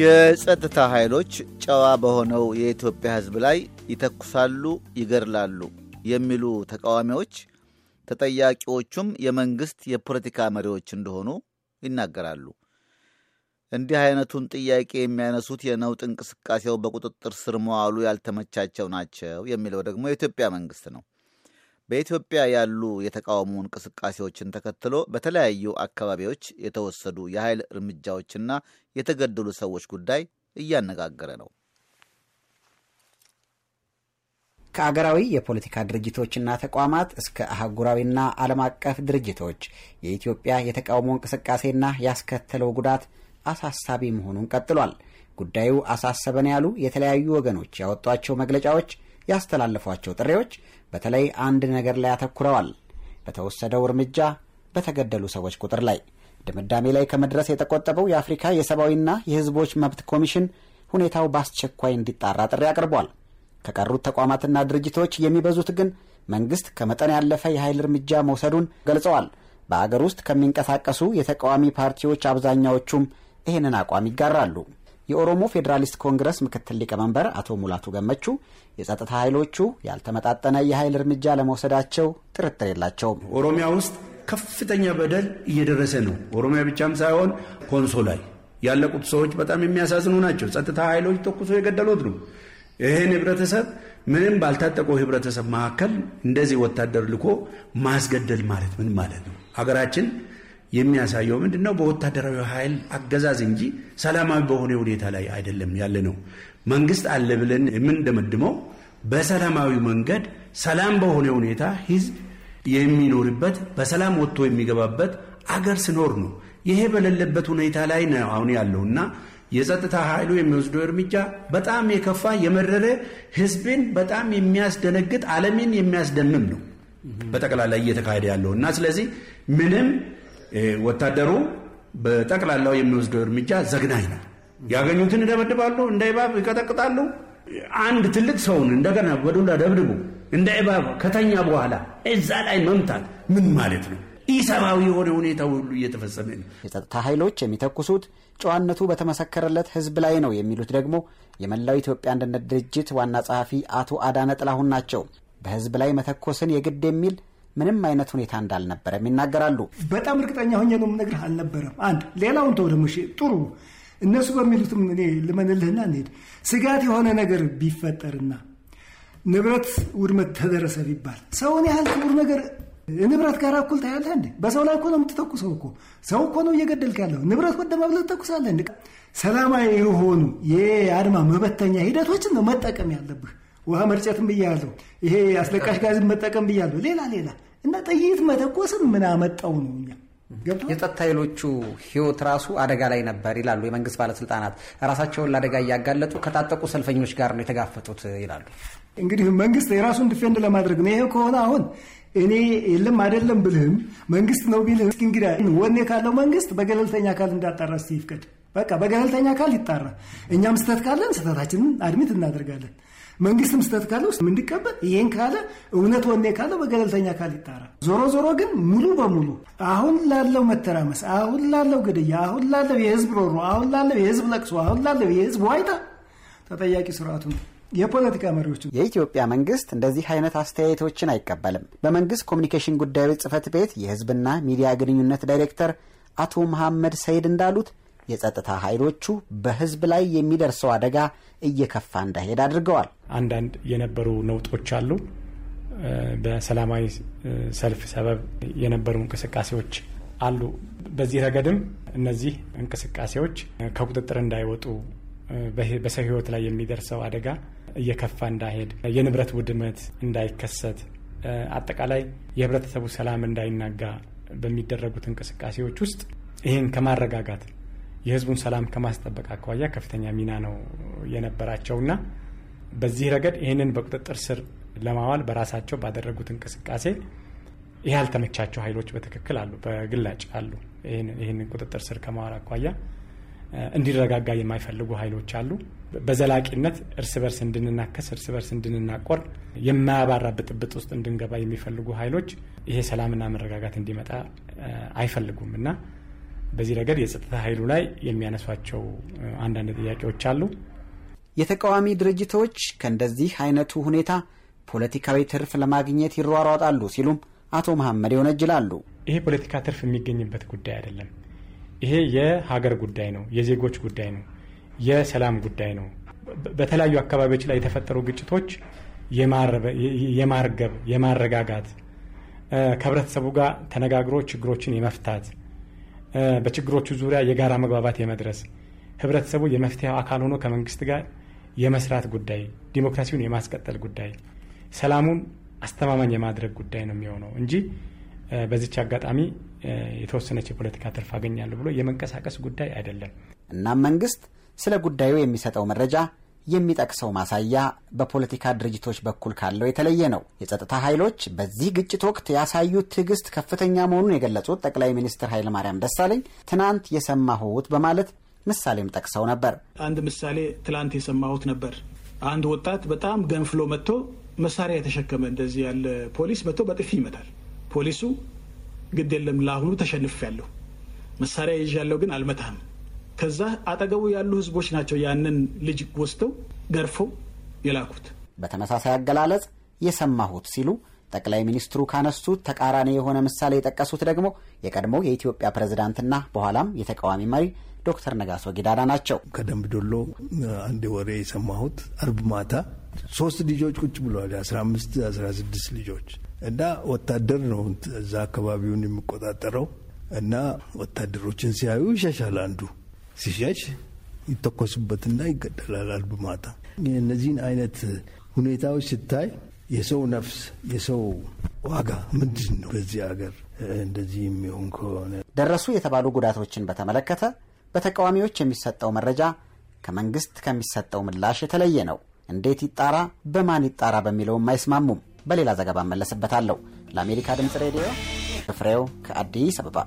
የጸጥታ ኃይሎች ጨዋ በሆነው የኢትዮጵያ ሕዝብ ላይ ይተኩሳሉ፣ ይገድላሉ የሚሉ ተቃዋሚዎች ተጠያቂዎቹም የመንግሥት የፖለቲካ መሪዎች እንደሆኑ ይናገራሉ። እንዲህ አይነቱን ጥያቄ የሚያነሱት የነውጥ እንቅስቃሴው በቁጥጥር ስር መዋሉ ያልተመቻቸው ናቸው የሚለው ደግሞ የኢትዮጵያ መንግሥት ነው። በኢትዮጵያ ያሉ የተቃውሞ እንቅስቃሴዎችን ተከትሎ በተለያዩ አካባቢዎች የተወሰዱ የኃይል እርምጃዎችና የተገደሉ ሰዎች ጉዳይ እያነጋገረ ነው። ከአገራዊ የፖለቲካ ድርጅቶችና ተቋማት እስከ አህጉራዊና ዓለም አቀፍ ድርጅቶች የኢትዮጵያ የተቃውሞ እንቅስቃሴና ያስከተለው ጉዳት አሳሳቢ መሆኑን ቀጥሏል። ጉዳዩ አሳሰበን ያሉ የተለያዩ ወገኖች ያወጧቸው መግለጫዎች፣ ያስተላለፏቸው ጥሪዎች በተለይ አንድ ነገር ላይ አተኩረዋል። በተወሰደው እርምጃ በተገደሉ ሰዎች ቁጥር ላይ ድምዳሜ ላይ ከመድረስ የተቆጠበው የአፍሪካ የሰብአዊና የሕዝቦች መብት ኮሚሽን ሁኔታው በአስቸኳይ እንዲጣራ ጥሪ አቅርቧል። ከቀሩት ተቋማትና ድርጅቶች የሚበዙት ግን መንግስት ከመጠን ያለፈ የኃይል እርምጃ መውሰዱን ገልጸዋል። በአገር ውስጥ ከሚንቀሳቀሱ የተቃዋሚ ፓርቲዎች አብዛኛዎቹም ይህንን አቋም ይጋራሉ። የኦሮሞ ፌዴራሊስት ኮንግረስ ምክትል ሊቀመንበር አቶ ሙላቱ ገመቹ የጸጥታ ኃይሎቹ ያልተመጣጠነ የኃይል እርምጃ ለመውሰዳቸው ጥርጥር የላቸውም። ኦሮሚያ ውስጥ ከፍተኛ በደል እየደረሰ ነው። ኦሮሚያ ብቻም ሳይሆን ኮንሶ ላይ ያለቁት ሰዎች በጣም የሚያሳዝኑ ናቸው። ጸጥታ ኃይሎች ተኩሶ የገደሉት ነው። ይህን ህብረተሰብ ምንም ባልታጠቀው ህብረተሰብ መካከል እንደዚህ ወታደር ልኮ ማስገደል ማለት ምን ማለት ነው? ሀገራችን የሚያሳየው ምንድን ነው? በወታደራዊ ኃይል አገዛዝ እንጂ ሰላማዊ በሆነ ሁኔታ ላይ አይደለም ያለ ነው። መንግስት አለ ብለን የምንደመድመው በሰላማዊ መንገድ ሰላም በሆነ ሁኔታ ህዝብ የሚኖርበት በሰላም ወጥቶ የሚገባበት አገር ስኖር ነው። ይሄ በሌለበት ሁኔታ ላይ ነው አሁን ያለው እና የጸጥታ ኃይሉ የሚወስደው እርምጃ በጣም የከፋ የመረረ ህዝብን በጣም የሚያስደነግጥ ዓለምን የሚያስደምም ነው በጠቅላላ እየተካሄደ ያለው እና ስለዚህ ምንም ወታደሩ በጠቅላላው የሚወስደው እርምጃ ዘግናኝ ነው። ያገኙትን ይደበድባሉ፣ እንደ እባብ ይቀጠቅጣሉ። አንድ ትልቅ ሰውን እንደገና በዱላ ደብድቡ እንደ እባብ ከተኛ በኋላ እዛ ላይ መምታት ምን ማለት ነው? ኢሰብአዊ የሆነ ሁኔታ ሁሉ እየተፈጸመ ነው። የጸጥታ ኃይሎች የሚተኩሱት ጨዋነቱ በተመሰከረለት ህዝብ ላይ ነው የሚሉት ደግሞ የመላው ኢትዮጵያ አንድነት ድርጅት ዋና ጸሐፊ አቶ አዳነ ጥላሁን ናቸው። በህዝብ ላይ መተኮስን የግድ የሚል ምንም አይነት ሁኔታ እንዳልነበረም ይናገራሉ። በጣም እርግጠኛ ሆኜ ነው የምነግርህ፣ አልነበረም። አንድ ሌላውን ተው ደግሞ ጥሩ እነሱ በሚሉትም እኔ ልመንልህና እንሄድ ስጋት የሆነ ነገር ቢፈጠርና ንብረት ውድመት ተደረሰ ቢባል ሰውን ያህል ክቡር ነገር ንብረት ጋር እኩል ታያለህ እንዴ? በሰው ላይ እኮ ነው የምትተኩሰው እኮ ሰው እኮ ነው እየገደልክ ያለው። ንብረት ወደ ብለህ ትተኩሳለህ እንዴ? ሰላማዊ የሆኑ የአድማ መበተኛ ሂደቶችን ነው መጠቀም ያለብህ። ውሃ መርጨትም ብያለሁ፣ ይሄ አስለቃሽ ጋዝን መጠቀም ብያለሁ፣ ሌላ ሌላ እና ጥይት መተኮስን ምን አመጣው ነው እኛ የጸጥታ ኃይሎቹ ህይወት ራሱ አደጋ ላይ ነበር ይላሉ የመንግስት ባለስልጣናት። ራሳቸውን ለአደጋ እያጋለጡ ከታጠቁ ሰልፈኞች ጋር ነው የተጋፈጡት ይላሉ። እንግዲህ መንግስት የራሱን ዲፌንድ ለማድረግ ነው። ይሄ ከሆነ አሁን እኔ የለም አይደለም ብልህም መንግስት ነው ቢልህ እንግዲህ ወኔ ካለው መንግስት በገለልተኛ አካል እንዳጣራ እስኪ ይፍቀድ። በቃ በገለልተኛ አካል ይጣራ። እኛም ስህተት ካለን ስህተታችንን አድሚት እናደርጋለን። መንግስትም ስህተት ካለ ውስጥ የምንቀበል ይሄን ካለ እውነት ወኔ ካለ በገለልተኛ አካል ይጣራ። ዞሮ ዞሮ ግን ሙሉ በሙሉ አሁን ላለው መተራመስ፣ አሁን ላለው ግድያ፣ አሁን ላለው የህዝብ ሮሮ፣ አሁን ላለው የህዝብ ለቅሶ፣ አሁን ላለው የህዝብ ዋይታ ተጠያቂ ስርዓቱ የፖለቲካ መሪዎች የኢትዮጵያ መንግስት እንደዚህ አይነት አስተያየቶችን አይቀበልም። በመንግስት ኮሚኒኬሽን ጉዳዮች ጽህፈት ቤት የህዝብና ሚዲያ ግንኙነት ዳይሬክተር አቶ መሐመድ ሰይድ እንዳሉት የጸጥታ ኃይሎቹ በህዝብ ላይ የሚደርሰው አደጋ እየከፋ እንዳይሄድ አድርገዋል። አንዳንድ የነበሩ ነውጦች አሉ። በሰላማዊ ሰልፍ ሰበብ የነበሩ እንቅስቃሴዎች አሉ። በዚህ ረገድም እነዚህ እንቅስቃሴዎች ከቁጥጥር እንዳይወጡ በሰው ህይወት ላይ የሚደርሰው አደጋ እየከፋ እንዳይሄድ፣ የንብረት ውድመት እንዳይከሰት፣ አጠቃላይ የህብረተሰቡ ሰላም እንዳይናጋ በሚደረጉት እንቅስቃሴዎች ውስጥ ይህን ከማረጋጋት የህዝቡን ሰላም ከማስጠበቅ አኳያ ከፍተኛ ሚና ነው የነበራቸውና በዚህ ረገድ ይህንን በቁጥጥር ስር ለማዋል በራሳቸው ባደረጉት እንቅስቃሴ ይህ ያልተመቻቸው ኃይሎች በትክክል አሉ፣ በግላጭ አሉ። ይህንን ቁጥጥር ስር ከማዋል አኳያ እንዲረጋጋ የማይፈልጉ ኃይሎች አሉ። በዘላቂነት እርስ በርስ እንድንናከስ፣ እርስ በርስ እንድንናቆር፣ የማያባራ ብጥብጥ ውስጥ እንድንገባ የሚፈልጉ ኃይሎች ይሄ ሰላምና መረጋጋት እንዲመጣ አይፈልጉም እና በዚህ ረገድ የጸጥታ ኃይሉ ላይ የሚያነሷቸው አንዳንድ ጥያቄዎች አሉ። የተቃዋሚ ድርጅቶች ከእንደዚህ አይነቱ ሁኔታ ፖለቲካዊ ትርፍ ለማግኘት ይሯሯጣሉ ሲሉም አቶ መሐመድ ይወነጅላሉ። ይሄ ፖለቲካ ትርፍ የሚገኝበት ጉዳይ አይደለም። ይሄ የሀገር ጉዳይ ነው፣ የዜጎች ጉዳይ ነው፣ የሰላም ጉዳይ ነው። በተለያዩ አካባቢዎች ላይ የተፈጠሩ ግጭቶች የማርገብ የማረጋጋት ከህብረተሰቡ ጋር ተነጋግሮ ችግሮችን የመፍታት በችግሮቹ ዙሪያ የጋራ መግባባት የመድረስ ህብረተሰቡ የመፍትሄ አካል ሆኖ ከመንግስት ጋር የመስራት ጉዳይ፣ ዲሞክራሲውን የማስቀጠል ጉዳይ፣ ሰላሙን አስተማማኝ የማድረግ ጉዳይ ነው የሚሆነው እንጂ በዚች አጋጣሚ የተወሰነች የፖለቲካ ትርፍ አገኛለሁ ብሎ የመንቀሳቀስ ጉዳይ አይደለም። እናም መንግስት ስለ ጉዳዩ የሚሰጠው መረጃ የሚጠቅሰው ማሳያ በፖለቲካ ድርጅቶች በኩል ካለው የተለየ ነው። የጸጥታ ኃይሎች በዚህ ግጭት ወቅት ያሳዩት ትዕግስት ከፍተኛ መሆኑን የገለጹት ጠቅላይ ሚኒስትር ኃይለማርያም ደሳለኝ ትናንት የሰማሁት በማለት ምሳሌም ጠቅሰው ነበር። አንድ ምሳሌ ትላንት የሰማሁት ነበር። አንድ ወጣት በጣም ገንፍሎ መጥቶ መሳሪያ የተሸከመ እንደዚህ ያለ ፖሊስ መጥቶ በጥፊ ይመታል። ፖሊሱ ግድ የለም ለአሁኑ ተሸንፍ ያለሁ መሳሪያ ይዣለሁ ግን አልመታህም ከዛ አጠገቡ ያሉ ህዝቦች ናቸው ያንን ልጅ ወስደው ገርፈው የላኩት። በተመሳሳይ አገላለጽ የሰማሁት ሲሉ ጠቅላይ ሚኒስትሩ ካነሱት ተቃራኒ የሆነ ምሳሌ የጠቀሱት ደግሞ የቀድሞ የኢትዮጵያ ፕሬዝዳንትና በኋላም የተቃዋሚ መሪ ዶክተር ነጋሶ ጊዳዳ ናቸው። ከደንብ ዶሎ አንድ ወሬ የሰማሁት አርብ ማታ ሶስት ልጆች ቁጭ ብለዋል። የአስራ አምስት አስራ ስድስት ልጆች እና ወታደር ነው እዛ አካባቢውን የሚቆጣጠረው እና ወታደሮችን ሲያዩ ይሻሻል አንዱ ሲሸጭ ይተኮስበትና ይገደላል። አልቡማታ እነዚህን አይነት ሁኔታዎች ስታይ የሰው ነፍስ የሰው ዋጋ ምንድን ነው? በዚህ ሀገር እንደዚህ የሚሆን ከሆነ ደረሱ የተባሉ ጉዳቶችን በተመለከተ በተቃዋሚዎች የሚሰጠው መረጃ ከመንግስት ከሚሰጠው ምላሽ የተለየ ነው። እንዴት ይጣራ፣ በማን ይጣራ በሚለውም አይስማሙም። በሌላ ዘገባ እመለስበታለሁ። ለአሜሪካ ድምፅ ሬዲዮ ፍሬው ከአዲስ አበባ